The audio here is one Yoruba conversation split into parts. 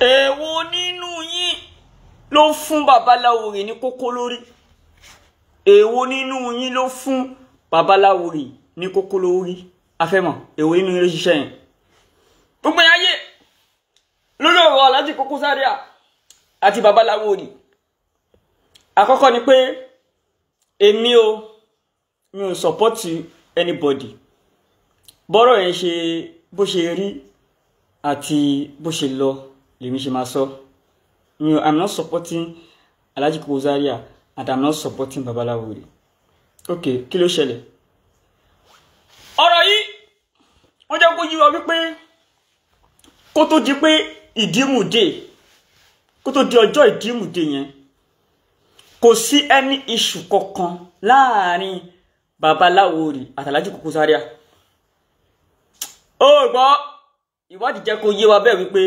èwo nínú yín ló fún babaláwo rẹ̀ ní kókó lórí èwo nínú yín ló fún babaláwo rẹ̀ ní kókó lórí afẹ́mọ̀ èwo nínú yín ló ṣiṣẹ́ yẹn gbogbo yẹn ayé lórí ọ̀rọ̀ aláàjì Koko Zaria àti babaláwo rẹ̀ àkọ́kọ́ ni pé èmi o mi ò sọpọ́tì anybody bọ́rọ̀ yẹn ṣe bó ṣe rí àti bó ṣe lọ lèmi ṣe máa sọ mi i'm not supporting Alhaji Kozaria and i'm not supporting babaláwo rẹ̀ ok kí ló ṣẹlẹ̀ ọ̀rọ̀ yìí wọ́n jẹ́ kó yí wa wípé kó tó di pé ìdímùdé kó tó di ọjọ́ ìdímùdé yẹn kò sí ẹni iṣu kankan láàrin babaláwo àti Alhaji Koko ó gbọ́ ìwádìí jẹ́ kó yé bẹ́ẹ̀ wípé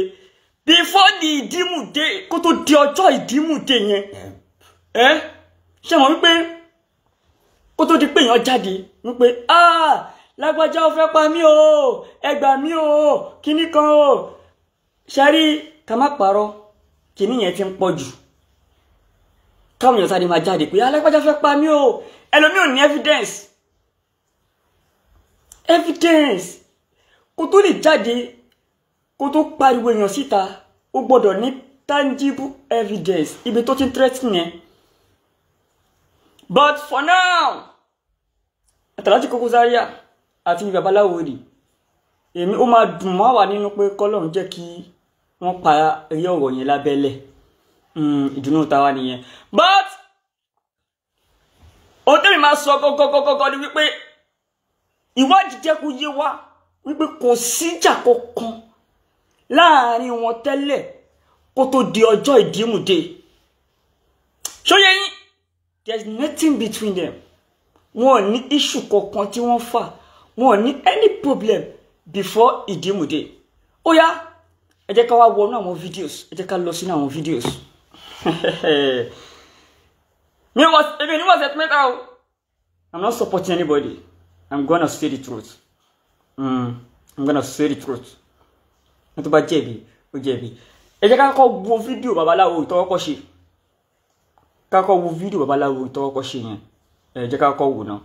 before the ìdímù dé kó tó di ọjọ́ ìdímù dé yẹn ẹ ṣe mọ̀ wípé kó tó di pé èèyàn jáde wípé ah lágbájá ó fẹ́ pa mí o ẹ gbà mí o kíní kan o ṣẹ́rí ká má parọ́ kíní yẹn ti ń pọ̀ jù káwọn èèyàn sáré máa jáde pé alágbájá ah, fẹ́ pa mí o ẹlòmíì ò ní evidence evidence kó tó lè jáde kó tó pariwo èèyàn síta ó gbọ́dọ̀ ní tangible evidence ibi tó ti ń tẹ́tí yẹn but for now Àtàlájì Koko Zaria àti babaláwo rè èmi ó máa dùn mọ́ wà nínú pé kọ́lọ́run jẹ́ kí wọ́n pa eré ọ̀rọ̀ yẹn lábẹ́lẹ̀ hmm, ìdùnnú tàwa nìyẹn but ohun tẹ́mi máa sọ gọ́gọ́gọ́gọ́ ni wípé ìwádìí jẹ́ kó yé wa wípé kò síjà kankan láàrin wọn tẹ́lẹ̀ kó tó di ọjọ́ ìdímùdé ṣóyẹ yín there is nothing between them wọn ò ní iṣu kankan tí wọ́n fà wọn ní any problem before ìdímùdé ó yá ẹ jẹ́ ká wá wọnú àwọn videos ẹ jẹ́ ká lọ sínú àwọn videos mi wọ èmi ni wọ́n ṣe pé báwo I'm not supporting anybody I'm gonna say the truth mm, I'm gonna say the truth tó bá jẹ̀bi ó jẹ̀bi ẹ jẹ́ ká kọ́ wo fídíò babaláwo ìtọ́wọ́kọ́ ṣe ká kọ́ wo fídíò babaláwo ìtọ́wọ́kọ́ ṣe yẹn ẹ jẹ́ ká kọ́ wò náà.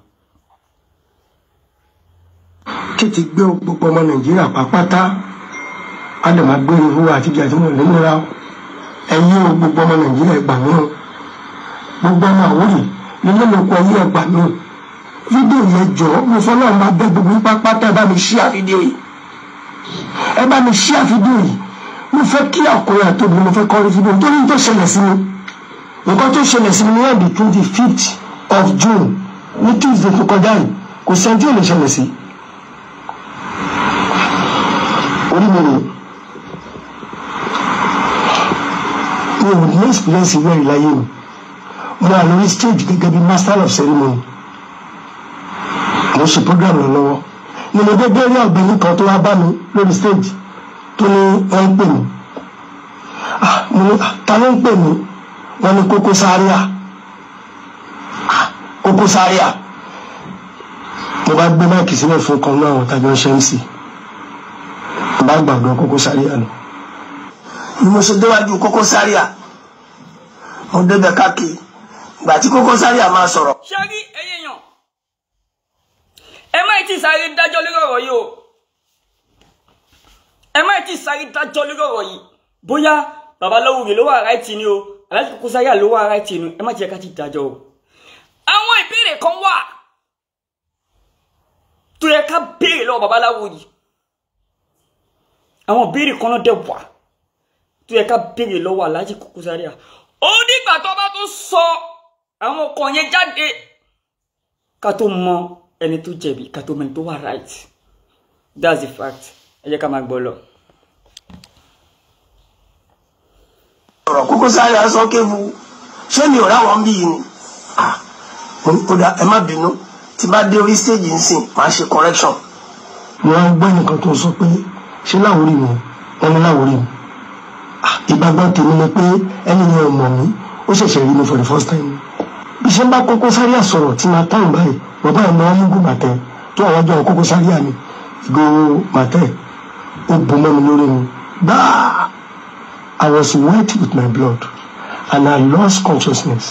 kí ti gbé gbogbo ọmọ nàìjíríà pàápàá ádámà gbé ìhó àti ìjà tí mo lè múra ẹ̀yin o gbogbo ọmọ nàìjíríà ẹgbà náà gbogbo ọmọ àwòrì nínú ìlòkù ẹ̀yìn ẹgbà náà fídíò yẹn jọ mo fọlọ́ ọmọ abẹ́ gbogbo pápátá ẹ bá mi ṣí àfidó yìí mo fẹ́ kí àkóràn àtòbí mo fẹ́ kọrin fídíò nítorí tó ṣẹlẹ̀ sí mi nǹkan tó ṣẹlẹ̀ sí mi ní ẹ̀dì twenty fifth of June ní Tuesday tó kọjá yìí kò sẹ́ni tí ò lè ṣẹlẹ̀ sí orí mi rè mi ò ní experience ìwé ìláyé mi mo wà lórí stage gẹ́gẹ́ bí master of ceremony mo ṣe program lọ́wọ́ mo lè dédé rí ọ̀gbẹ́ni kan tó wá bá mi lórí stage tó ní wọ́n ń pè mí ah, mo ní ah, ta ló ń pè mí wọ́n ní Koko Zaria Koko Zaria mo bá gbé máìkì sílẹ̀ fún kan náà tàbí ọ̀ṣẹ́ ń sì mo bá gbàgbọ́ Koko Zaria nù ni mo ṣe déwájú Koko Zaria mo débẹ̀ káàkiri ìgbà tí Koko máa sọ̀rọ̀. ṣé ẹ má ti sáré dájọ́ lórí ọ̀rọ̀ yìí o ẹ má ti sáré dájọ́ lórí ọ̀rọ̀ yìí bóyá babaláwo rè ló wà ráìtì ni o aláàjì kókó sáyà ló wà ráìtì ni ẹ má jẹ́ ká ti dájọ́ o. àwọn ìbéèrè kan wà tó yẹ ká béèrè lọ́wọ́ babaláwo yìí àwọn ìbéèrè kan náà dẹ̀ wà tó yẹ ká béèrè lọ́wọ́ aláàjì kókó sáyà ó dìgbà tó bá tó sọ àwọn ọkọ̀ yẹn jáde ká tó mọ ẹni tó jẹ̀bi ká tó men tó right that's the fact ẹ jẹ́ ká máa gbọ́ lọ. ọ̀rọ̀ kúkú sáré aṣọ kéwu ṣé mi ò ráwọn bí yìí ni ó dá ẹ má bínú tí bá dé orí stage nsìn máa ṣe correction. wọ́n á gbọ́ nǹkan tó sọ pé ṣé láwùrí mi ẹni láwùrí mi ìgbàgbọ́ tèmi ni pé ẹni yẹn ò mọ̀ mí ó ṣẹ̀ṣẹ̀ rí mi for the first time iṣẹ́ bá Koko Zaria sọ̀rọ̀ tí máa táwọn báyìí bàbá ẹ̀ máa ń gùn màtẹ́ tó àwọn ọjọ́ Koko Zaria ni Ìgbòho màtẹ́ ó bu mọ́ mi lórí mi gbáà I was white with my blood and I lost consciousness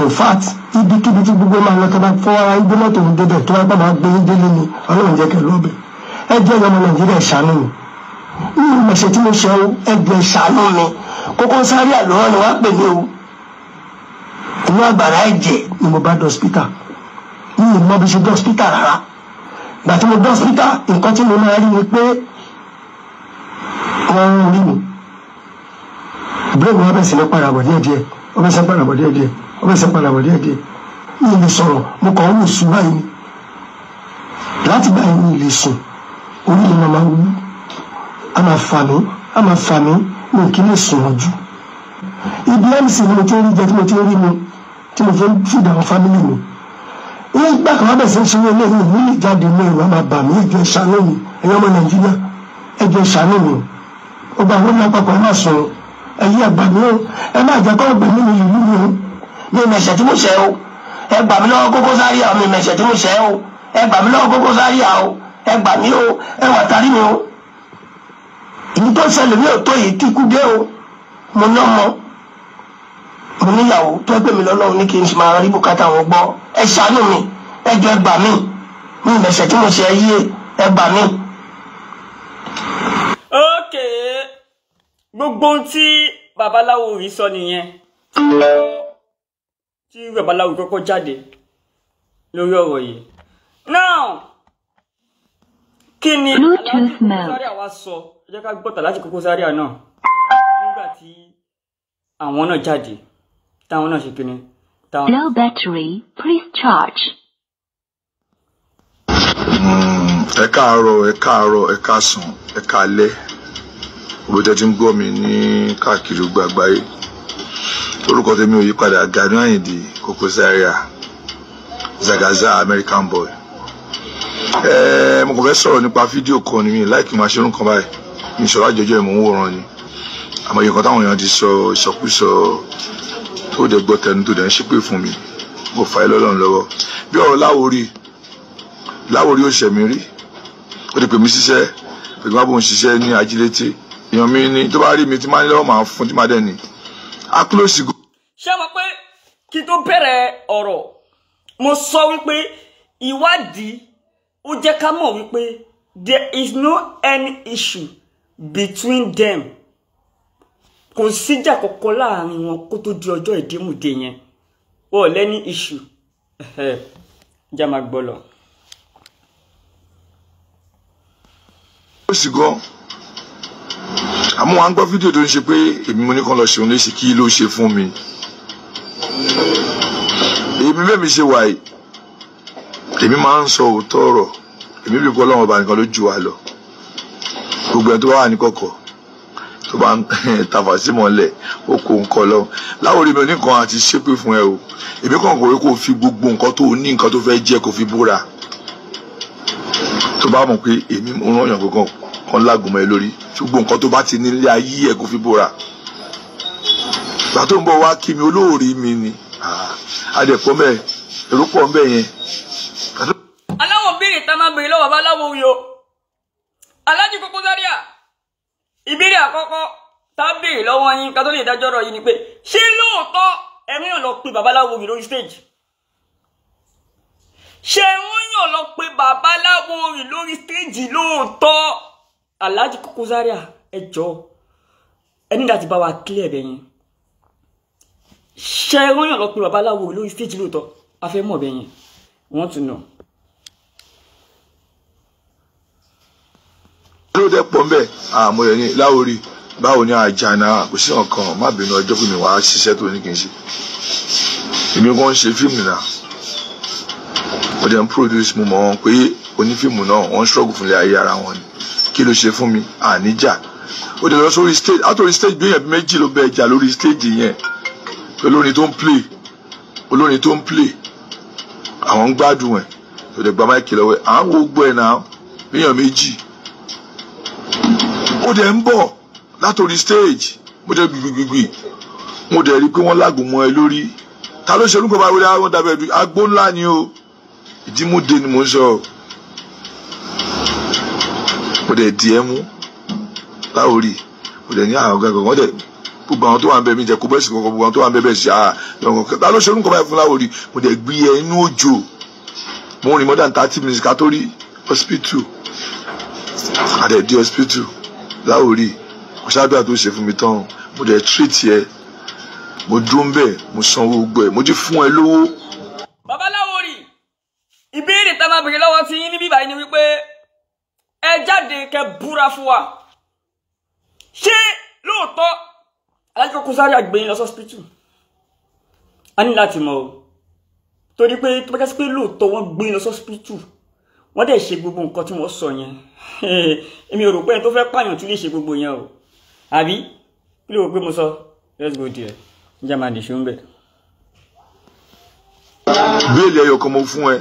in fact ibikíbi tí gbogbo máa lọ tó bá fọwọ́ ara ibi náà tó ń débẹ̀ tó bá gbà máa gbé délé ni ọlọ́run jẹ́ kẹ́ lọ́bẹ̀ ẹ jẹ́ ọmọ Nàìjíríà ìṣàánú mi ní ìmọ̀ṣẹ́ tí mo ṣe ẹ jẹ́ ìṣàánú mi Koko Zaria àlọ́ ni wàá pè mí o inú àgbàrá ẹ̀jẹ̀ ni mo bá dọ́sítà mi ò mọ bí ṣe dọ́sítà rárá ìgbà tí mo dọ́sítà nǹkan tí mo máa rí ni pé wọ́n ń rí mi bírèmù wọn bẹ̀ sí ní parabọ̀ díẹ̀díẹ̀ wọ́n bẹ̀ sí ní parabọ̀ díẹ̀díẹ̀ wọ́n bẹ̀ sí ní parabọ̀ mi ò lè sọ̀rọ̀ mo kàn ń wò sùn báyìí ni láti báyìí mi ò lè sùn orí mi máa wú a máa fà mí a máa fà mí mi ò kí lè sùn wọ́n ibi mc ni mo ti ń rí jẹ tí mo ti ń rí mi tí mo fi ń fìdí àwọn fámìlì mi ní ìgbà kan wábẹ̀ sí ń ṣeré eléyìí ní ìjáde ilé ìwà máa bà mí ẹjọ́ ìṣàánú mi ẹ̀yọ́ ọmọ nàìjíríà ẹjọ́ ìṣàánú mi ọgbà àwọn ọmọ àpapọ̀ ẹ máa sọ̀rọ̀ ẹ̀yí ẹ̀gbà mi ó ẹ máa jẹ́ kọ́ ọgbà mi ní ìlú mi ó mi mẹ̀ṣẹ̀ tí mo ṣẹ̀ o ẹ gbà mí lọ́wọ́ Koko Zaria mi mẹ̀ṣẹ̀ tí mo ṣẹ̀ o ẹ gbà mí lọ́wọ́ Koko Zaria o ẹ gbà mí o ẹ wà tàrí mi o ìdí tó o mo ná mo níyàwó tó ẹgbẹ́ mi lọ́lọ́run ní kí n máa rí bùkátà wọn gbọ́ ẹ ṣàánú mi ẹ ẹ gbà mí mi ìbẹ̀sẹ̀ tí mo ṣe ẹ yíyé ẹ gbà mí. ókè gbogbo ohun tí babaláwo yìí sọ nìyẹn tí babaláwo kọ́kọ́ jáde lórí ọ̀rọ̀ yìí now kí ni sáré àwa sọ ẹ jẹ́ ká gbọ́tà láti kókó sáré àná nígbà tí àwọn náà jáde táwọn náà ṣe kíni. low battery please charge. ẹ káàárọ̀ ẹ káàárọ̀ ẹ káàsán ẹ káalẹ́ òbẹ̀tẹ̀ tí ń gbọ́ mi ní káàkiri gbàgbáyé orúkọ tèmi ò yí padà Gani Àyìndé Koko Zaria Zagaza American boy mo kàn fẹ́ sọ̀rọ̀ nípa fídíò kan ni mi láìkí máa ṣerú kan báyìí mi ìṣòro àjọjọ́ ìmọ̀ ń ni àmọ́ ìyẹn kan táwọn èèyàn ti sọ ìsọkúsọ ó dẹ̀ gbọ́ tẹnu tó dẹ̀ ń ṣépè fún mi mo fà á lọ́lọ́run lọ́wọ́ bí ọ̀rọ̀ láwòrí láwòrí ó ṣẹ̀mí rí ó ti pè mí ṣiṣẹ́ pè mí wá bóun ṣiṣẹ́ ní ajílété èèyàn mi ni tó bá rí mi tí máa ń lọ́wọ́ máa fún tí máa dẹ̀ ni akúlòsì. ṣé mo pé kí tó bẹ̀rẹ̀ ọ̀rọ̀ mo sọ wípé ìwádìí ó jẹ́ ká mọ̀ wípé there is no any issue between them kò síjà kọ̀ọ̀kan láàrin wọn kó tó di ọjọ́ ìdímùdé yẹn wọn ò iṣu já máa gbọ́ lọ. ó sì gọ́ àmọ́ wọn á gbọ́ fídíò tó ń ṣe pé èmi mo ní kàn lọ ṣeun léṣe kí ló ṣe fún mi èmi bẹ́ẹ̀ mi ṣe wà yìí èmi máa ń sọ òótọ́ ọ̀rọ̀ èmi bí kọ́ ọlọ́run ọba nìkan ló jù wá lọ gbogbo ẹ̀ tó wà ní kọ̀kọ̀ tó bá ń tàfà o mọ́lẹ̀ ó kó nǹkan lọ Láwòrè mi ò ní nǹkan àti ṣépè fún ẹ o èmi kàn kò rí kó fi gbogbo nǹkan tó ní nǹkan tó fẹ́ jẹ kó fi búra tó bá mọ̀ pé èmi ń ràn yàn kankan kan lágùnmọ ẹ lórí ṣùgbọ́n nǹkan tó bá ti nílé ayé ẹ kó fi búra gbà tó ń bọ̀ wá kí mi olóòrí mi ni adẹ̀pọ̀ ah, mẹ́ èrò pọ̀ ń bẹ̀ yẹn. aláwọ̀ bíi ìta máa bèrè lọ́wọ́ bá aláwọ̀ òye o alájú kókó Zaria ìbéèrè àkọ́kọ́ tá a béèrè lọ́wọ́ yín ká tó lè dájọ́ ọ̀rọ̀ yìí ni pé ṣé lóòótọ́ ẹ̀mí ò lọ pe babaláwo rí lórí stage ṣé wọ́n yàn lọ pe babaláwo rí lórí stage lóòótọ́ Alhaji Koko Zaria ẹ jọ ẹni láti bá wa clear ẹ̀bẹ̀ yẹn ṣé wọ́n yàn lọ pe babaláwo rí lórí stage lóòótọ́ a fẹ́ mọ̀ ẹ̀bẹ̀ yẹn wọ́n tún náà. kí ló dé pọ̀ mbẹ́ àmọ́ yẹn ní láwórí báwo ni àjànà kò sí ọ̀kan má bínú ọjọ́ fún mi wàá ṣiṣẹ́ tó ní kì í ṣe èmi kàn ń ṣe fíìmù náà mo dẹ̀ ń produce mo mọ̀ wọn pé onífíìmù náà wọ́n ń ṣọ́ọ̀gù fúnlẹ̀ ayé ara wọn ni kí ló ṣe fún mi àníjà ó dẹ̀ lọ sórí stage àtòrí stage bí èèyàn bí méjì ló bẹ ẹja lórí stage yẹn olórin tó ń play olórin tó ń play àwọn ń gbádùn ẹ̀ ó dẹ̀ gba máìkì lọ́wọ́ à ń ẹ̀ náà bí èèyàn méjì mo dẹ̀ ń bọ̀ látòrí stage mo dẹ̀ gbìgbìgbì mo dẹ̀ rí i pé wọ́n lágùn mọ́ ẹ lórí ta ló ṣe orúkọ bá wọlé àwọn dàbẹ̀ dùn agbó ńlá ni o ìdímúdé ni mo ń sọ mo dẹ̀ di ẹ mú láwòrì mo dẹ̀ ní àwọn ah, gàgàn wọ́n dẹ̀ gbogbo àwọn tó wà ń bẹ mi jẹ kó bẹ́ẹ̀ sì kọ́kọ́ gbogbo àwọn tó wà ń bẹ bẹ́ẹ̀ sì à ah, lọ́kàn ta ló ṣe orúkọ báyìí fún láwòrì mo dẹ̀ gbé ẹ e inú òjò mo rìn mọ́dà ní thirty minutes ká tó rí hospital àdẹ̀ di hospital láòrí kò ṣáàdúrà tó ṣe fún mi tán mo dẹ̀ treat yẹ mo dúró ń bẹ̀ mo san owó gbọ́ ẹ̀ mo ti fún ẹ lówó. bàbá Láwòrì ìbéèrè tá a máa bèrè lọ́wọ́ tí yín níbí báyìí ni wípé ẹ jáde kẹ́ búra fún wa ṣé lóòótọ́ alájọ kó sáré àgbẹ̀yìn lọ sọ́sítítù a ní láti mọ̀ o torí pé tó bá jẹ́ pé lóòótọ́ wọ́n gbẹ̀yìn lọ sọ́sítítù wọ́n dẹ̀ ṣe gbogbo nǹkan tí wọ́n sọ yẹn èmi ò rò pé ẹni tó fẹ́ pààyàn tún lè ṣe gbogbo yẹn o àbí kí ló rò pé sọ let's go there njẹ́ máa dìṣó ń bẹ̀. bẹ́ẹ̀lì ẹyọ kan mo fún ẹ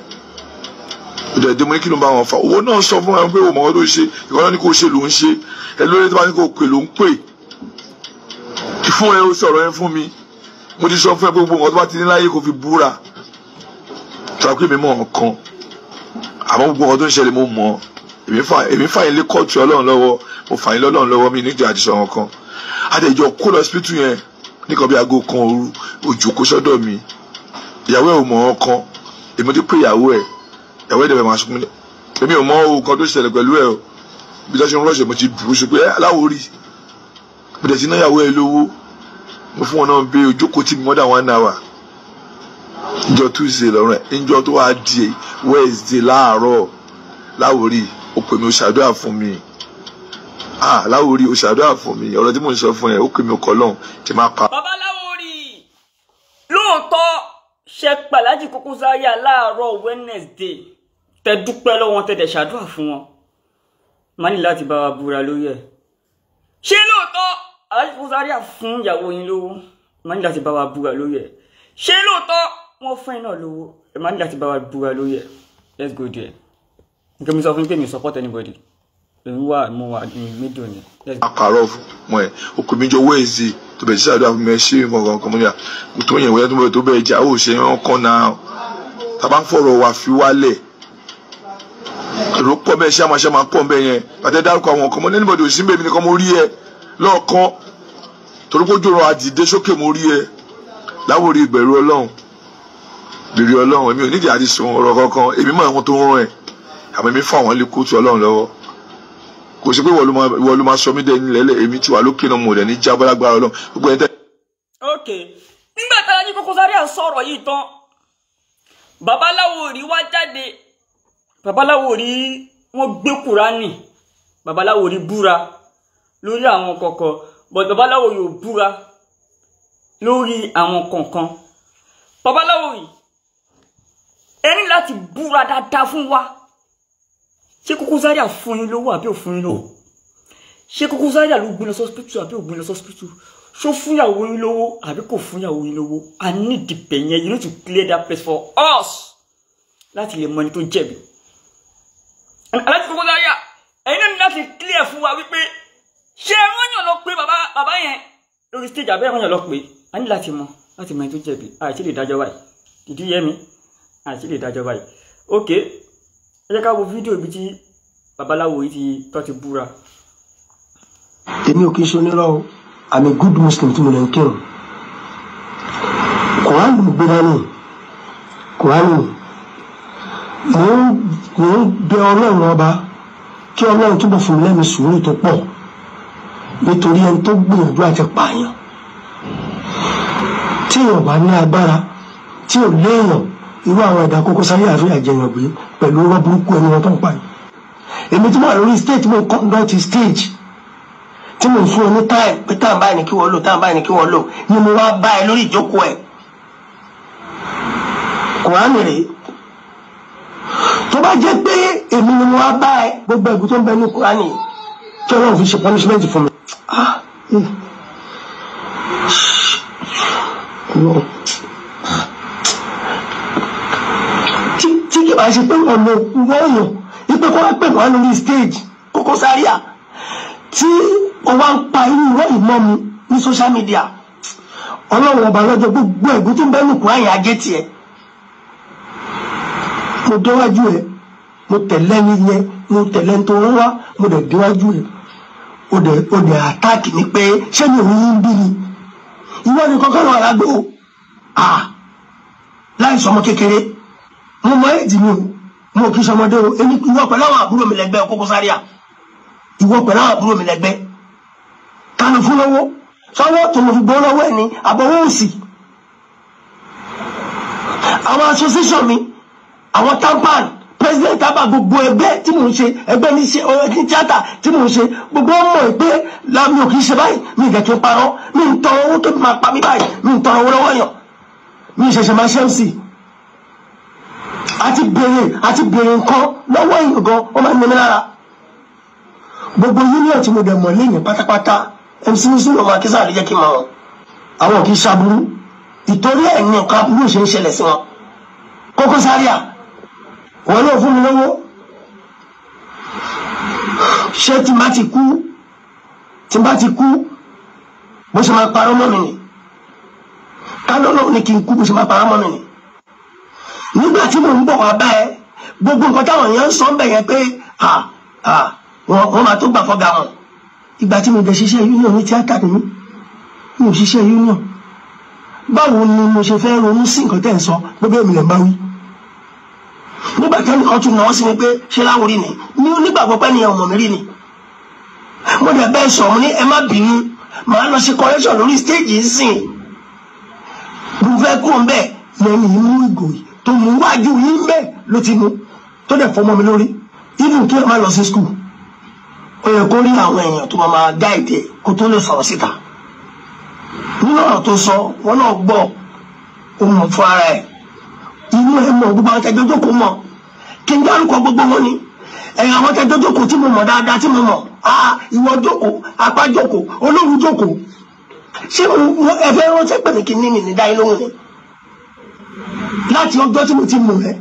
ìdẹ̀ dẹ́mu ní kí ló ń bá wọn fa owó náà sọ fún ẹ pé òmò ọdún ṣe ìwọ náà ní kó ṣe ló ń ṣe ẹ lórí tó bá ní kó pè ló ń pè fún ẹ o sọ̀rọ̀ ẹ fún mi mo ti sọ fún ẹ pé gbogbo nǹkan tó bá ti ní láyé kò fi búra tàbí mi mọ̀ ọ̀kan àmọ́ gbogbo ọkọ tó ń ṣẹlẹ̀ mo mọ̀ èmi fà yín lé kóòtù ọlọ́run lọ́wọ́ mo fà yín lọ́lọ́run lọ́wọ́ mi nídìí àdìsọ wọn kan adéjọ kó lọ sípítù yẹn nìkan bí aago kan òru òjò kó sọ́dọ̀ mi ìyàwó ẹ̀ ò mọ̀ ọ́ kan èmi ti pé ìyàwó ẹ̀ ìyàwó ẹ̀ dẹ̀ máa sunkún èmi ò mọ̀ nǹkan tó ṣẹlẹ̀ pẹ̀lú ẹ̀ o bí wọ́n ṣe ń rọ́ṣẹ̀ mo ti dùn ún ṣe pé eh, aláwo rí mo dẹ̀ ti náyàwó ẹ̀ lówó mo fún wọn náà bí ojókòó tí mọ́dà one hour njọ tuesday lọ́rùn ẹ̀ njọ tó wá di wednesday láàárọ̀ láwòrí ó pè mí ó ṣàdúrà fún mi ah láwòrí ó ṣàdúrà fún mi ọ̀rọ̀ tí mò ń sọ fún ẹ ó pè mí ó kọ́ lọ́hùn tí máa pa. bàbá láwòrí lóòótọ́ ṣe pàlájì kúkú sáyà láàárọ̀ wednesday tẹ dúpẹ́ lọ́wọ́ tẹ ṣàdúrà fún wọn má ní láti bá wa búra lórí ẹ̀ ṣé lóòótọ́ alájì sáyà fún ìyàwó yín lówó má ní láti bá wa búra lórí ẹ̀ ṣé lóòótọ́ wọ́n fún ẹ náà lówó ẹ máa ní láti bá wa búra lórí ẹ let's go there nǹkan mi sọ fún mi pé mi support anybody èmi wà mo wà ní mídò ni. àkàrọ̀ mọ ẹ okùn mi jọ wéèzì tó bẹ̀ sísàdó àwọn ọmọ ẹ ṣé nǹkan kan mọ́ni à tó yẹn wẹ́ẹ́ tó bẹ̀ tó bẹ̀ jà ó ṣe wọ́n kàn náà tàbá ń fọ̀rọ̀ wà fi wálẹ̀ èrò pọ̀ bẹ́ẹ̀ ṣé àmàṣe máa pọ̀ bẹ́ẹ̀ yẹn pàtẹ́ dárúkọ àwọn ọkọ̀ mọ́ anybody ò sí bẹ́ẹ̀ mi nìkan mo rí ẹ lọ́ọ̀kan torí kó jòrò àdìdé sókè mo rí ẹ láwòrán ìbẹ̀rù ọlọ́run lórí ọlọ́run èmi ò nídìí àti sùn ọ̀rọ̀ kankan èmi mọ àwọn tó ń rán ẹ àmọ́ èmi fún àwọn ilé kóòtù ọlọ́run lọ́wọ́ kò sí pé wọ́n ló máa sọ mí dẹni lẹ́lẹ̀ èmi tí wà lókè náà mo rẹ̀ ní jábọ́ lágbára ọlọ́run gbogbo ẹ̀ tẹ́. ok nígbà tá a ní Koko Zaria sọ̀rọ̀ yìí tán babaláwo rí wá jáde babaláwo rí wọ́n gbé kúránì babaláwo rí búra lórí àwọn kọ̀ọ̀kan but babaláwo yóò búra lórí àwọn kọ̀ọ̀kan babaláwo yìí ẹ ní láti búra dáadáa fún wa ṣé kúkú Zaria fún yín lówó àbí òfún yín lówó ṣé kúkú Zaria ló gbin lọ sọ́spítù àbí ògbin lọ sọ́spítù ṣó fúnyàwó yín lówó àbí kò fúnyàwó yín lówó I need ìdìbẹ̀ yẹn you need to clear that place for us láti lè mọ ẹni tó jẹ̀bi aláti kúkú Zaria ẹ̀yin náà ní láti clear fún wa wípé ṣé wọ́n yàn lọ pé bàbá bàbá yẹn lórí stage àbẹ́rẹ́ wọ́n yàn lọ pé a ní láti mọ láti mọ ẹni tó jẹ̀bi àìsí lè dájọ́ wáyé did you hear me? àti ah, lè dájọ́ báyìí ok ẹ jẹ́ ká wo fídíò ibi tí babaláwo yìí ti tọ́ ti búra. èmi ò kì í ṣe onírọ́ o i'm good muslim tí mo lè ń kírun koran ló gbé dání koran ló mò ń mò ń bẹ ọlọ́run ọba kí ọlọ́run túbọ̀ fún mi lẹ́mi sùúrù tó pọ̀ nítorí ẹni tó gbìyànjú àti pààyàn tí èèyàn bá ní agbára tí ò léèyàn irú àwọn ẹ̀dá kókó sáyé àfihàn àjẹyàn gbé pẹ̀lú ọwọ́ burúkú ẹni wọn tó ń pa yìí èmi tí mo wà lórí stage mo conduct stage tí mo fún ọ ní táì pé táà báyìí ni kí wọ́n lò táà báyìí ni kí wọ́n lò ni mo wá bá ẹ lórí ìjókòó ẹ̀ kùránì rèé tó bá jẹ́ pé èmi ni mo wá bá ẹ gbogbo ẹ̀gún tó ń bẹ ní kùránì kí ọlọ́run fi ṣe punishment fún mi. Ah, hmm. bá ṣe pé wọ́n lo wọ́ èèyàn wípé kó wá pè wá lórí stage Koko Zaria tí o wá ń pa irú ìwé ìmọ̀ mu ní social media ọlọ́run ọba lọ́jọ́ gbogbo ẹ̀gún tó ń bẹ́ẹ̀ nùkú àyè ajé tiẹ̀ mo déwájú ẹ̀ mo tẹ̀lé ní yẹn mo tẹ̀lé ní tó ń wá mo dẹ̀ déwájú ẹ̀ o dẹ̀ o dẹ̀ àtáàkì ni pé ṣé mi ò ní yín bí ni ìwọ ni kọ́kọ́ lọ́ọ́ alágbó ah láì sọmọ kékeré mo mọ èdè mi o mo kì í ṣọmọdé o èmi ìwọ pẹ̀lú àwọn àbúrò mi lẹ́gbẹ́ Koko Zaria ìwọ pẹ̀lú àwọn àbúrò mi lẹ́gbẹ́ ta ló fún lọ́wọ́ sọ́wọ́ tó mo fi gbọ́ lọ́wọ́ ẹ̀ ní àbọ̀wọ́ òsì àwọn association mi àwọn tampan president abba gbogbo ẹgbẹ́ tí mò ń ṣe ẹgbẹ́ ní ṣe ní tíátà tí mò ń ṣe gbogbo wọn mọ̀ pé lami ò kì í ṣe báyìí mi ì gẹ̀kẹ́ parọ́ mi ń tọrọ owó tó máa pa mí báyìí mi ń tọrọ owó lọ́wọ́ yàn mi ì ṣẹ̀ṣẹ̀ máa ṣe MC àti bèrè àti bèrè nǹkan lọ́wọ́ èèyàn gan wọ́n máa ń nimí lára gbogbo union tí mo dẹ̀ mọ̀ léyìn pátápátá mc musu lọ́mọ akísà lè jẹ́ kí n mọ̀ wọn àwọn kì í ṣàbúrú ìtorí ẹ̀ ní ọ̀kan aburú ṣe ń ṣẹlẹ̀ sí wọn Koko Zaria wọn náà fún mi lówó ṣé tí n bá ti kú tí n bá ti kú bó ṣe máa parọ́ mọ́ mi ni kálọ́ náà ni kí n kú bó ṣe máa parọ́ mọ́ mi ni nígbà tí mò ń bọ̀ wá báyẹn gbogbo nǹkan táwọn èèyàn ń sọ ń bẹ̀ yẹn pé wọ́n máa tó gbà fọ́gà wọn ìgbà tí mo dẹ̀ ṣiṣẹ́ union ní tíátà ni mi ò ṣiṣẹ́ union báwo ni mo ṣe fẹ́ ronú sí nǹkan tẹ̀ ń sọ gbogbo èmi lè bá nígbà tí ẹnìkan tún náà sí mi pé ṣé láwùrí ni mi ò nígbàgbọ́ pé ẹnìyàn ọmọ mi rí ni mo dẹ̀ bẹ́ẹ̀ sọ mo ní ẹ má bínú màá lọ ṣe correction lórí stage yìí sìn mo fẹ́ kú ń bẹ́ẹ̀ lẹ́yìn mú ìgò tó mú wájú yín bẹ́ẹ̀ ló ti mú tó dẹ̀ fọmọ mi lórí even kí ẹ má lọ sí school ó yẹ kó rí àwọn èèyàn tó máa gáìdì ẹ kó tó lè sọ̀rọ̀ síta nínú ọ̀rọ̀ tó sọ wọn náà gbọ́ ohun fún ara ẹ̀ inú ẹ mọ̀ gbogbo àwọn tẹjọ́ jókòó mọ̀ kí n dárúkọ gbogbo wọn ni ẹ̀yìn àwọn tẹjọ́ jókòó tí mo mọ̀ dáadáa tí mo mọ̀ ah ìwọ jókòó apá jókòó olóhùn jókòó ṣé ẹ fẹ́ rántí pẹ̀lú kí n ní mi ní ni láti ọjọ́ tí mo ti mọ̀ ẹ́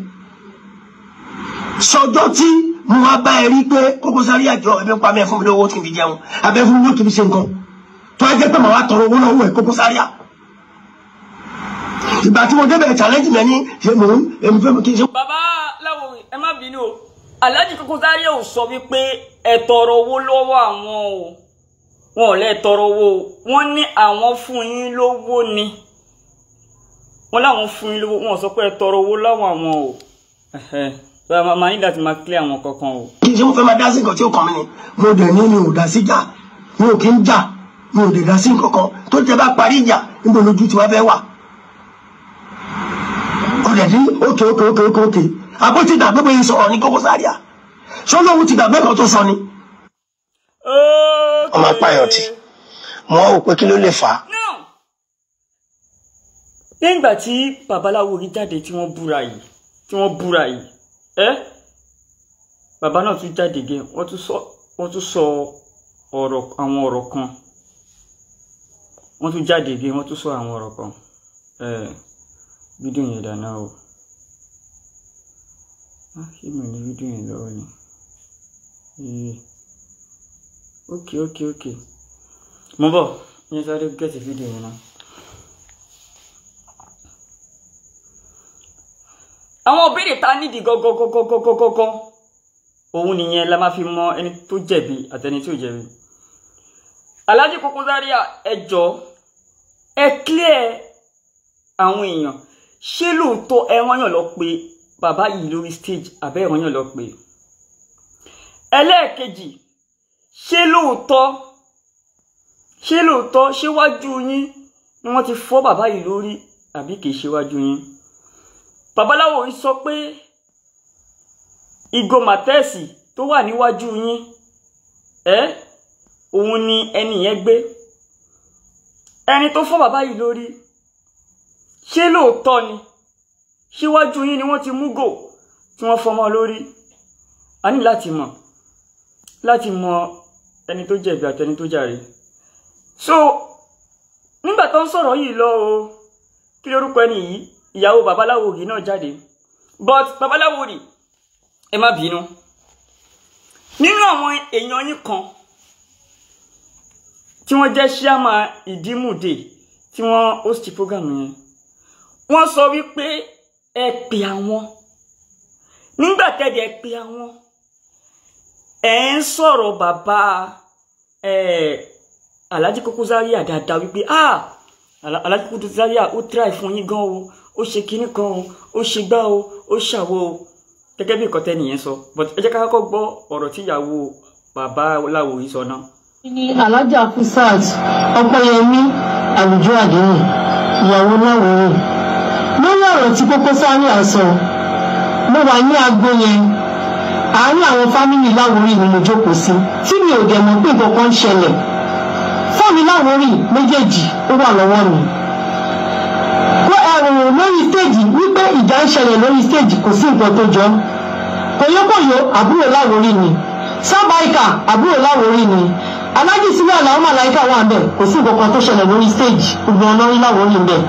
sọjọ́ tí mo wá bá ẹ rí pé Koko Zaria àjọ ẹbí ń pa mí ẹ fún mi lówó kí n fi jẹun abẹ́ fún mi lówó kí n fi ṣe nǹkan tó ẹ jẹ́ pé màá tọrọ owó lọ́wọ́ ẹ Koko Zaria ìgbà tí mo débẹ̀ challenge mi ẹni ṣe mò ń èmi fẹ́ mi kí n ṣe. bàbá láwọn ẹ má bínú o Alhaji Koko Zaria ò sọ wípé ẹ tọrọ owó lọ́wọ́ àwọn o wọn ò lè tọrọ owó o ní àwọn fún yín lówó ni wọ́n láwọn fún yín lówó wọ́n sọ pé ẹ tọrọ owó lọ́wọ́ àwọn o bá máa ní láti máa clear àwọn kankan o. kí n ṣe wọn fẹ́ máa dá sí nǹkan tí ó kàn mí ni mo dẹ̀ ní mi ò dá sí jà mi ò kí ń jà mi ò dẹ̀ dá sí nǹkan kan tó tẹ bá parí ìjà níbo lójú tí wọ́n fẹ́ wà. ọ̀dẹ̀ ní òkè òkè òkè òkè òkè àbó ti dàgbé bóyá sọ̀rọ̀ ní Koko Zaria ṣó lóun ti dàgbé kan tó sọ ni. ọmọ apáyọ̀ tí wọ́n ò pé kí ló lè fà á lẹ́yìn ìgbà tí babaláwo rí jáde tí wọ́n búra yìí tí wọ́n búra yìí ẹ́ bàbá náà tún jáde gẹ́ wọ́n tún sọ ọ̀rọ̀ àwọn ọ̀rọ̀ kan wọ́n tún jáde gẹ́ wọ́n tún sọ àwọn ọ̀rọ̀ kan fídíò yẹn dáná o ah, ṣé mi ní fídíò yẹn lọ́wọ́ ni Ok ok ok. mo bọ̀ ní sáré gẹ̀ẹ́sì fídíò yẹn náà. àwọn òbéèrè ta nídìí gọ́gọ́gọ́gọ́gọ́gọ́ òun nìyẹn la máa fi mọ ẹni tó jẹ̀bi àtẹni tí ò jẹ̀bi Alhaji Koko Zaria ẹ ẹ clear àwọn èèyàn ṣé lóòótọ́ ẹ wọ́n yàn lọ pé bàbá yìí lórí stage àbẹ́ ẹ̀rọ yàn lọ pé ẹlẹ́ẹ̀kejì ṣé lóòótọ́ ṣé lóòótọ́ ṣé wájú yín ni wọ́n ti fọ́ bàbá yìí lórí àbí kìí ṣe wájú yín babaláwo ń sọ pé igo màtẹ́ẹ̀sì tó wà níwájú yín ẹ́ òun ni ẹni yẹn gbé ẹni tó fọ́ bàbá yìí lórí ṣé lóòótọ́ ni síwájú yín ni wọ́n ti mú gò tí wọ́n fọmọ lórí a ní láti mọ̀ láti mọ ẹni tó jẹ̀bi àtẹni tó jàre so nígbà tó ń sọ̀rọ̀ yìí lọ o kí lórúkọ ẹni yìí ìyàwó babaláwo yìí náà jáde but babaláwo rì ẹ má bínú nínú àwọn èèyàn yín kan tí wọ́n jẹ́ ṣíàmà ìdímùdè tí wọ́n host program yẹn wọ́n sọ wípé ẹ pè àwọn nígbà tẹ́lẹ̀ ẹ pè àwọn ẹ ń sọ̀rọ̀ bàbá ẹ Alhaji Koko Zaria dáadáa wípé ah Alhaji Koko Zaria ó tíráì fún yín gan o ó ṣe kinní kan o ó ṣe gbá o ó ṣàwo o gẹ́gẹ́ bí nǹkan tẹ́nìyẹn sọ but ẹ jẹ́ ká kọ́kọ́ gbọ́ ọ̀rọ̀ tíyàwó bàbá láwo yìí sọ náà. ní alájà kusat ọpẹyẹmí àlùjọ àdéhùn ìyàwó láwo yìí lórí ọ̀rọ̀ tí Koko Zaria àsọ mo wà ní agbo yẹn àárín àwọn fámìlì láwórí ni mo jókòó sí tí mi ò dẹ̀ mọ̀ pé nǹkan kan ń ṣẹlẹ̀ fóònù láwórí méjèèjì ó wà lọ́wọ́ mi ọ̀rùn lórí stéèjì wípé ìjà ń ṣẹlẹ̀ lórí stéèjì kò sí nǹkan tó jọ kòyókòyó àbúrò láwòrí ni sábàìkà àbúrò láwòrí ni alájì sílẹ̀ àlàó màláìkà wà bẹ́ẹ̀ kò sí nǹkan kan tó ṣẹlẹ̀ lórí stéèjì gbogbo ọlọ́rin láwòrí bẹ́ẹ̀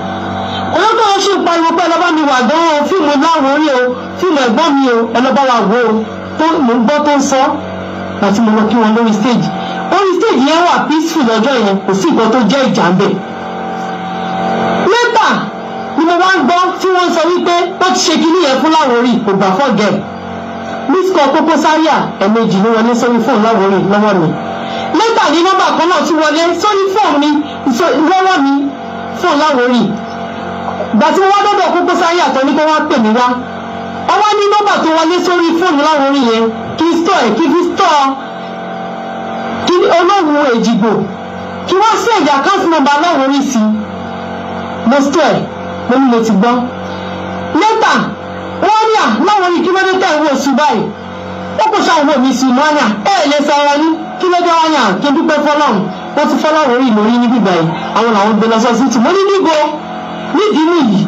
olóńgbò wọn ṣì ń pariwo pé ẹlọ́ba mi wà gan-an fíìmù láwòrí o fíìmù ẹ̀gbọ́n mi o ẹlọ́ba wa wò ó tó mò ń gbọ́ tó ń sọ àti mo lọ kí wọn lórí stéèjì orí stéèjì yẹn wà peaceful lọ́jọ́ yẹn kò sí nǹkan tó jẹ́ ìjà ń bẹ̀ ni mo wá ń gbọ́ tí wọ́n sọ wípé ó ti ṣe kinní yẹn fún Láwórì kò gbà fọ́gẹ̀ mísíkọ̀ Koko Zaria ẹ̀ẹ̀mejì ló wọlé sórí fóònù Láwórì lọ́wọ́ mi lẹ́tà ní nọ́mbà kan náà ti wọlé sórí fóònù mi lọ́wọ́ mi fóònù Láwórì gbà tí wọ́n dọ́dọ̀ Koko Zaria tán ní kó wá pè mí wá ọwọ́ ní nọ́mbà tó wọlé sórí fóònù Láwórì yẹn kí stọ̀ ẹ̀ kí fi stọ̀ kí olóhùn èjìgbò kí wọ́n sí ẹ̀dà account number Láwórì sí mo stọ̀ ẹ̀ òun lè ti gbọ́ lẹ́tà wọ́n ní à láwọn yìí kí lóde tẹ̀ wọ́n sùn báyìí ó kò ṣàwọn ọmọ mi sùn lọ́nà ẹ lè sọ ara ní kí lóde wọ́n yà tó dúpẹ́ fọlọ́run wọ́n ti fọlọ́run orí ìlú orí níbí báyìí àwọn làwọn gbé lọ sọ sí tù mo ní nígo nídìí nìyí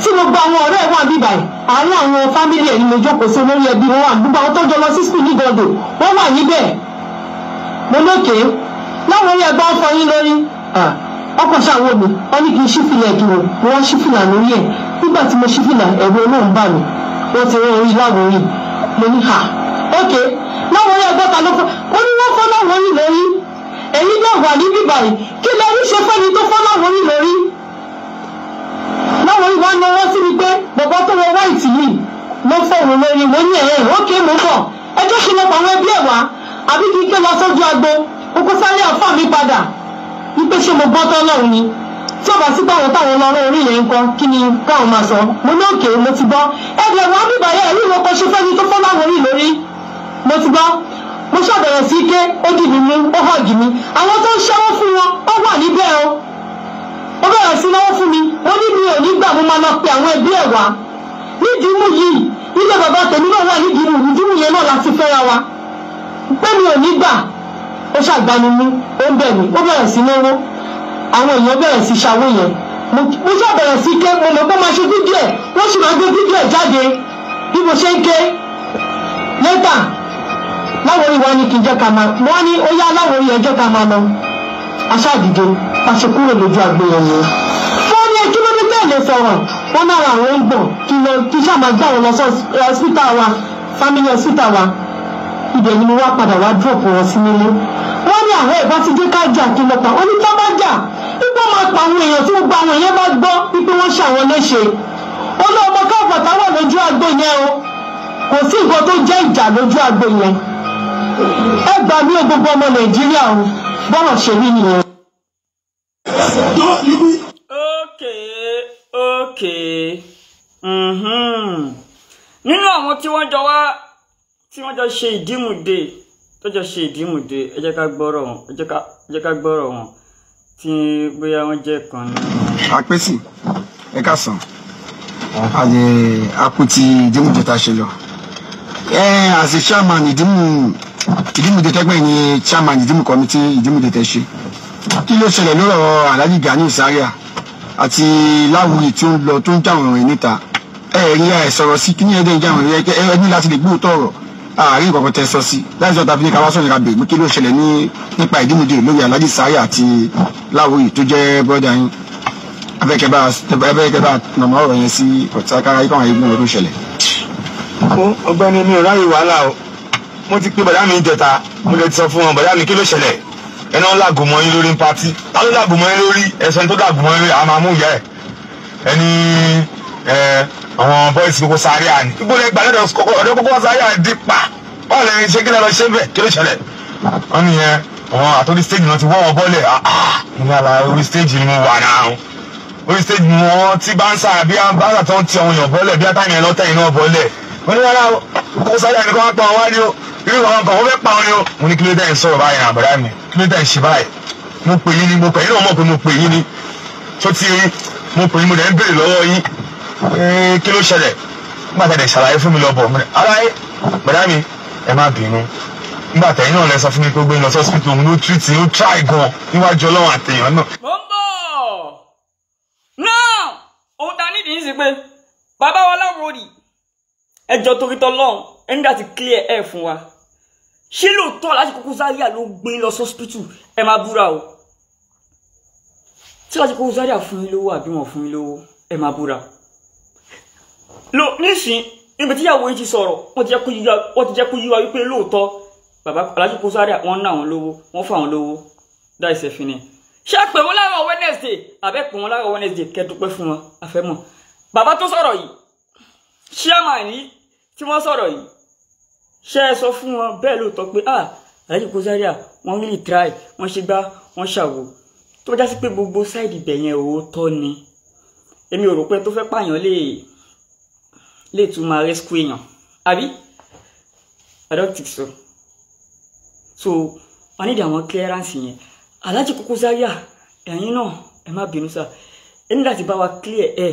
tí gbogbo àwọn ọ̀rẹ́ ẹ̀ wà bíbà ẹ̀ àárín àwọn fámìlì ẹ̀ ni mo jókòó sí olórí ẹbí wọn wà gbogbo àwọn tó jọ lọ sí skul ní gọdọ wọ́n wà níbẹ̀ mo lókè láwọn orí ẹgbẹ́ ọ̀fọ̀ yín lórí ọkọ̀ ṣàwọ̀ mi wọ́n ní kí n ṣífìlà ìdúró ni wọ́n ṣífìlà lórí ẹ̀ nígbà tí mo ṣífìlà ẹ̀rọ olóhùn bà mí wọ́n ti rán orí láwòrí mo ní hà ókè láwòrí ẹgbẹ́ta ló fọ́ ó ní wọ́n fọ́ láwòrí lórí èyí náà wà níbí báyìí kí lè rí ṣe fẹ́ni tó fọ́ láwòrí lórí láwòrí wọn náwó sí mi pé bọ̀bọ̀ tó wọ wáìtì yìí ló fọ́ òun lórí mo ní ẹ̀yẹ́ ókè mo bọ̀ ẹjọ́ ṣe lọ́pọ̀ àwọn ẹbí ẹ̀ wá àbí kí n ké lọ sójú agbo kókó sáré àfọ̀ mi padà wípé ṣé mo gbọ́ tọ́lọ́run ni tí ó bá sí báwọn táwọn lọ orí yẹn ń kọ kí ni káwọn máa sọ mo ní òkè mo ti gbọ́ ẹ̀dẹ̀ wọn bíbá yẹn ẹ̀rí ìwọ kan ṣe fẹ́ ni tó fọ́ láwọn orí lórí mo ti gbọ́ mo ṣàbẹ̀rẹ̀ sí ké ó dì mí mú ó hàn gì mí àwọn tó ń ṣẹ́wọ́ fún wọn ó wà níbẹ̀ o ó bẹ̀rẹ̀ sí náwó fún mi ó ní mi ò ní gbà mo máa lọ pe àwọn ẹbí ẹ̀ wá nídìí mú yìí ilé bàbá tèmi náà wà nídìí mú ìdí mú yẹn náà láti fẹ́ra wa pé mi ò ní gbà ó ṣàgbanimú ó ń bẹ̀rù ó bẹ̀rẹ̀ sí náwó àwọn èèyàn bẹ̀rẹ̀ sí ṣàwó yẹn mo ṣàbẹ̀rẹ̀ sí ké mo mọ̀ pé máa ṣe fídíò ẹ̀ wọ́n sì máa gbé fídíò ẹ̀ jáde bí mo ṣe ń ké lẹ́tà láwọn orí wa ni kì í jẹ́ ká máa wọ́n ní ó yá láwọn orí ẹjọ́ ká máa lọ aṣáàdìde pàṣẹ kúrò lójú àgbéyẹn yẹn fún ní kí ló dé bẹ́ẹ̀ lè sọ̀rọ̀ wọn náà àwọn ń gbọ̀n kí lọ kí ṣáà máa gbà wọn lọ sọ hospital wa family hospital wa ibẹ̀ ni mo wá padà wá drop wọn sí nílé ní àwọn ìbá ti dé ká jà kí lọ́pàá ó ní tó bá jà pípé máa pa àwọn èèyàn tí gbogbo àwọn èèyàn bá gbọ́ pípé wọ́n ṣàwọn léṣe ó ní ọmọ káfọ̀ táwọn lójú agbo yẹn o kò sí nǹkan tó jẹ́ ìjà lójú agbo yẹn ẹ gbà mí o gbogbo ọmọ nàìjíríà o bọ́rọ̀ ṣe mí nìyẹn. okay okay mhm. nínú àwọn tí wọ́n jọ wá tí wọ́n jọ ṣe ìdímùdè tọ́jọ́ ṣe ìdímùdé ẹ jẹ́ ká gbọ́rọ̀ wọn ẹ jẹ́ ká gbọ́rọ̀ wọn tí bóyá wọ́n jẹ́ kan ní. àpèsè ẹ ká sàn àyè àpótí ìdímùdé tá a ṣe lọ ẹ àṣì chairman ìdímù ìdímùdé tẹgbẹ́ ni chairman ìdímù kọ́mítì ìdímùdé tẹ ṣe kí ló ṣẹlẹ̀ lọ́rọ̀ Alhaji Gani Zaria àti láwùjọ tí ó ń lọ tó ń jáwọn ọ̀rìn níta ẹ̀ẹ́rì àìsọ̀rọ̀ sí kí ní ẹ̀dẹ̀ ìjáwọn ọ̀rìn ẹni láti lè gbóòótọ́ ọ̀rọ̀ àárín ah, nǹkan kan tẹ sọ sí láti sọ tàbí ní káwá sọ̀rọ̀ ìrabè pé kí ló ṣẹlẹ̀ ní nípa ìdímùdì lórí Alhaji Sàárì àti Láwòrì tó jẹ́ bọ́dà yín abẹ́kẹ́bá abẹ́kẹ́bá nàmọ́ ọ̀rọ̀ yẹn sí ọ̀tàkárá ikọ̀ àwọn ẹgbẹ́ ọdún ṣẹlẹ̀. fún ọ̀gbẹ́ni mi ò ráyè wàhálà o mo ti pé bàdá mi jẹta mo lè ti sọ fún wọn bàdá mi kí ló ṣẹlẹ̀ ẹnà làgùmọ̀ yín lórí pati ta ló làgùmọ̀ yín lórí ẹ̀sán tó làgùmọ̀ yín lórí àmàmú yẹ ẹni ẹ àwọn boys kókó sáré àní gbogbo ẹgbà lọ́dọ̀ ọ̀dọ́ kókó sáré àní di pa báwo lẹ́yìn ṣé kí lọ́ọ́ ṣe bẹ́ẹ̀ kí ló ṣẹlẹ̀ wọ́n nìyẹn àwọn àtọ́rí stage náà ti wọ́ wọn bọ́lẹ̀ ìyára ah, ah, orí stage ni mo wà náà orí stage ni wọ́n ti bá ń sára bí báńsà tó ń ti àwọn èèyàn bọ́lẹ̀ bí àtàyìn ẹlọ́tà yìí náà bọ́lẹ̀ wọ́n ní wọ́n náà kókó sáré àní kó wá pa wọn ní o irú àwọn kan wọ́n fẹ́ pa wọn ní o mo ní kí ló dé ń sọ̀rọ̀ báyìí àbúrá mi kí ló dé ń ṣe báyìí mo pè yín ni mo pè yín náà mọ̀ pé mo pè yín ni tó ti mo pè yín mo dẹ̀ ń béèrè lọ́wọ́ yín Eh, kí ló ṣẹlẹ̀ nígbà tẹ̀ lè ṣàlàyé fún mi lọ bọ̀ ara yẹ bàdá mi ẹ má bínú nígbà tẹ̀ yín náà lẹ sọ fún mi pé gbé lọ sí hospital òun ló treat ó try gan níwájú ọlọ́run àtẹ̀yàn náà. mo ń bọ̀ náà ohun ta nídìí sí pé bàbá wa láwọn òrì ẹjọ́ torítọ́ lọ́hùn ẹni dá ti clear ẹ̀ fún wa ṣé lóòótọ́ láti kókó Zaria ló gbé lọ sí hospital ẹ má búra o tí láti kókó Zaria fún yín lówó àbí wọn fún yín lówó ẹ má búra lo nísìn níbi tíyàwó yìí ti sọ̀rọ̀ wọ́n ti jẹ́ kó yíwa wípé lóòótọ́ bàbá alájú kó sáré wọ́n ná àwọn lówó wọ́n fà àwọn lówó dáì sẹ́fin ni ṣé pè wọ́n lára Wednesday àbẹ́ pè wọ́n lára Wednesday kẹ́dúpẹ́ fún wọn àfẹ́mọ̀ bàbá tó sọ̀rọ̀ yìí chairman yìí tí wọ́n sọ̀rọ̀ yìí ṣe é sọ fún wọn bẹ́ẹ̀ lóòótọ́ pé ah alájú kó sáré wọ́n really try wọ́n ṣe gbá wọ́n ṣàwò tó já sí pé gbogbo sáìdì ibẹ̀ yẹn òótọ́ ni èmi ò rò pé tó fẹ́ pààyàn lè lè tún máa rescue èèyàn àbí i don't think so so wọn nídìí àwọn clearance yẹn Alhaji Koko Zaria ẹ̀yin náà ẹ má bínú sá ẹ ní láti bá wa clear ẹ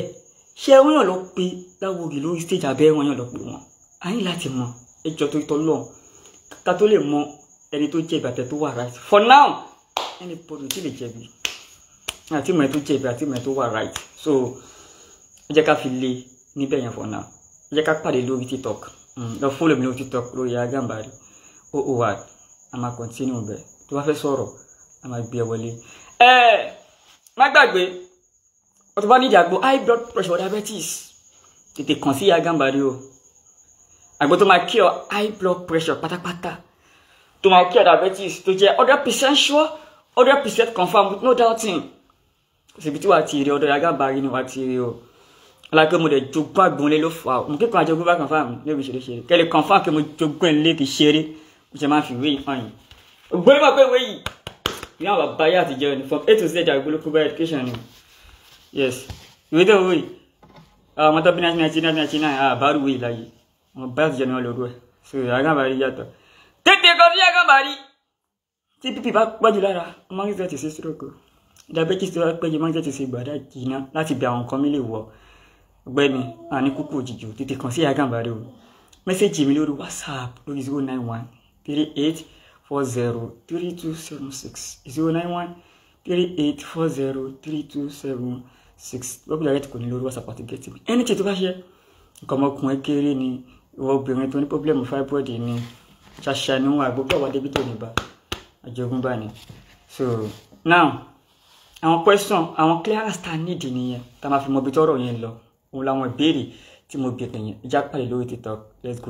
ṣé wọn yàn lọ pé láwòrì lórí stage abẹ́ wọn yàn lọ pé wọn a ní láti mọ ẹ jọ tó tọ́ lọ ká tó lè mọ ẹni tó jẹ̀bi àtẹ tó wà right for now ẹni pọ̀jù tí lè jẹ̀bi àti mọ̀ ẹ to jẹ̀bi àti mọ̀ ẹ to wà right so ẹ jẹ́ ká fi lé níbẹ̀ yẹn for now jẹ́ ká pàdé lórí tiktok lọ mm, fọ́lọ̀ mi lórí tiktok lórí Agambari oor a máa kọ́ntínú bẹ̀ tó bá fẹ́ sọ̀rọ̀ a máa gbé ẹ e wọlé. ẹ eh, má gbàgbé ọtọ bá nídìí àgbo high blood pressure diabetes tètè kàn sí Agambari o àgbo tó máa cure high blood pressure pátápátá tó máa cure diabetes tó jẹ́ hundred percent sure hundred percent confirmed with no doubting kò síbi tí wàá ti rí ọ̀dọ̀ Agambari ni wàá ti rí o ala pé mo lè jogún àgbọ̀nlé ló fà ó mo kíkọ́ àjogún bá kànfà mi níbi ìṣeré ṣeré kẹ́lẹ́ kànfà pé mo jogún ẹ̀ lé kì í ṣeré mo ṣe máa fi ìwé yìí fà yín ògbóni máa pé ìwé yìí ìwé àwọn bàbá yà àtijọ́ ni from a to z àgbélé kúbá education ni yes ìwé tó wù yìí àwọn mọ́tò bí nineteen ninety nine nineteen ninety nine àbárù a yìí láyé wọn bá àtijọ́ ni wọn lò rú ẹ̀ so àgàbàrí yàtọ̀ tètè kọ́ sí àgàbàrí tí pp bá pọ̀jù lára mọ́ngísẹ̀ ti ṣe stroke diabetes tó bá pẹ́jù mọ́ngísẹ̀ ti ṣe gbàdá jìnnà láti bí àwọn nǹkan mi lè wọ̀ ọ́ ọ̀gbẹ́ni àní kúkú òjijì ò tètè kàn sí àgànbàrẹ o mẹ́sẹ̀gì mi lórí whatsapp lórí zero nine one three eight four zero three two seven six zero nine one three eight four zero three two seven six lọ́pọ̀ ìyá rẹ̀ kò ní lórí whatsapp àti gẹ́tì mi ẹni tí tó bá ṣe nǹkan ọmọkùnrin kéré ni ìwọ obìnrin tó ní pọ́blẹ́mù fibroid ni ṣàṣà ni wọn àgbọ̀ pọ̀wá débi tó níbà àjogúnbá ni so now àwọn question àwọn clearance ta need nìyẹn tá a máa fi mọ ibi tọ́rọ̀ yẹn lọ òun làwọn ìbéèrè tí mo bèèrè yẹn jápàlẹ̀ lórí tiktok let's go.